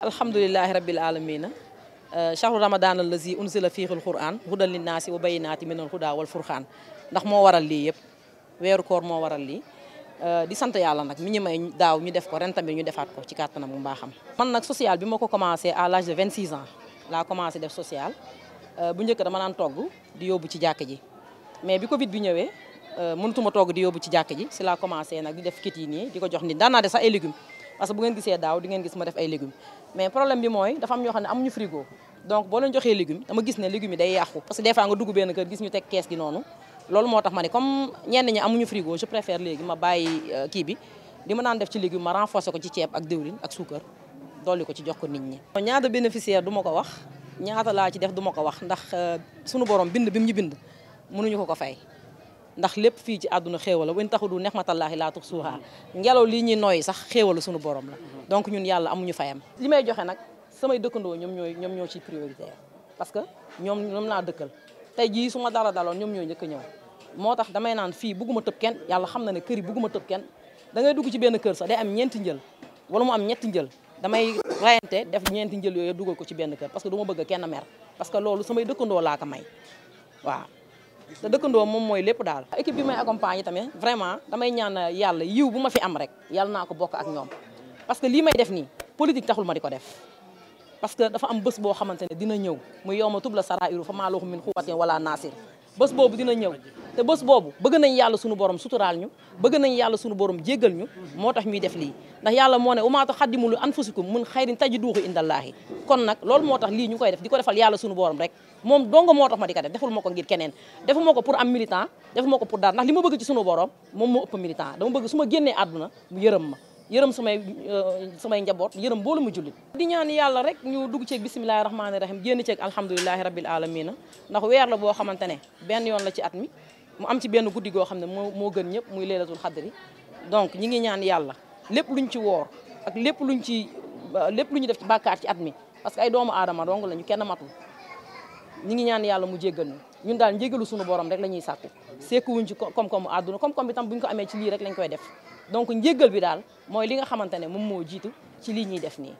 alhamdulilahi rabil alamina chahru euh, ramadan allazi unzila fiihil quran hudal linnaasi wa bayinaati minal huda wal furqaan ndax moo waral lii yëpp weeru koor moo waral lii euh, di sant yàlla nag mi ñu may daaw ñu def ko ren tamit ñu defaat ko ci kàttanam bu mbaaxam man nag social bi ma ko commencé à l'âge de 26 ans laa commencé def social euh, bu njëkk dama naan togg di yóbbu ci jàkk ji mais bi Covid bi ñëwee Euh, mënatuma toog di yóbbu ci jàkk ji si laa commencé nag di def kit yi nii di ko jox nit daan naa def sax ay légumes parce que bu ngeen gisee daaw di ngeen gis ma def ay légumes mais am ñoo ne amuñu frigo donc boo leen joxee légumes dama gis ne légumes yi day yàqu parce que des nga dugg benn kër gis ñu teg kees gi noonu loolu moo tax ma ne comme ñenn ñi amuñu frigo je préfère léegi ma bàyyi euh, kii bi li ma naan def ci légumes ma renforcer ko ci ceeb ak diwlin ak suukar dolli ko ci jox ko nit ñi ñaata bénéficiaire d ma ko wax ñaata laa ci def du ko wax ndax euh, sunu borom bind bi mu ñu bind mënuñu ko ko fay ndax lépp fii ci àdduna xéewal la wen taxudu nexmatallaahi laa tux suuhaa ngelaw lii ñuy nooy sax xéewala la sunu borom la donc ñun yàlla amuñu fayam li may joxe nag samay dëkkandoo ñoom ñooy ñoom ñoo ciy prioritaire parce que ñoom ñoom laa dëkkal tey jii su ma dara daloon ñoom ñooy njëkk a ñëw moo tax damay naan fii bugguma tëb kenn yàlla xam na ne kër yi bugguma tëb kenn ngay dugg ci benn kër sax am ñeenti njël wala mu am ñetti njël damay rayante def ñeenti njël yooyu dugal ko ci benn kër parce que du ma bëgg kenn mer parce que loolu samay dëkkandoo laa ko may waaw te dëkkandoo moom mooy lépp daal. équipe bi may accompagner tamit vraiment damay ñaan yàlla yiw bu ma fi am rek yàlla naa ko bokk ak ñoom parce que lii may def nii politique taxul ma di ko def. parce que dafa am bés boo xamante ne dina ñëw mu yow ma tub la sarairu fa maa lahu min quwwatin wala naasir bés boobu dina ñëw. te bës boobu bëgg nañ yàlla sunu borom suturaal ñu bëgg nañ yàlla sunu borom jéggal ñu moo tax ñuy def lii ndax yàlla moo ne umaa tuqaddimu li anfusikum min xayrin tajiduuhu indallaahi kon nag loolu moo tax lii ñu koy def di ko defal yàlla sunu borom rek moom donga moo tax ma di ko def deful ma ko ngir keneen defu ma ko pour am militant defu ma ko pour dara ndax li ma bëgg ci sunu borom moom moo ëpp militant dama bëgg su ma génnee àdduna mu yërëm ma yërëm samay euh, samay njaboot yërëm boolu mu jullit di ñaan yàlla rek ñu dugg ceeg bisimilahi rahmaani rahim génn ceeg alhamdulilahi rabil alamina ndax weer la boo xamante ne benn yoon la ci at mi mu am ci benn guddi goo xam ne moo moo gën ñëpp muy leelatul xadri donc ñi ngi ñaan yàlla lépp lu ñu ci woor ak lépp luñ ci lépp lu ñu def ci bàkkaar ci at mi parce que ay doomu aadama donc lañu kenn matul ñi ngi ñaan yàlla mu jéggal ñu ñun daal njégalu suñu borom rek la ñuy sàkku seekuwuñ ci koom-koomu àdduna koom-koom bi tam ko amee ci lii rek lañ koy def donc njégal bi daal mooy li nga xamante ne moom moo jiitu ci lii ñuy def nii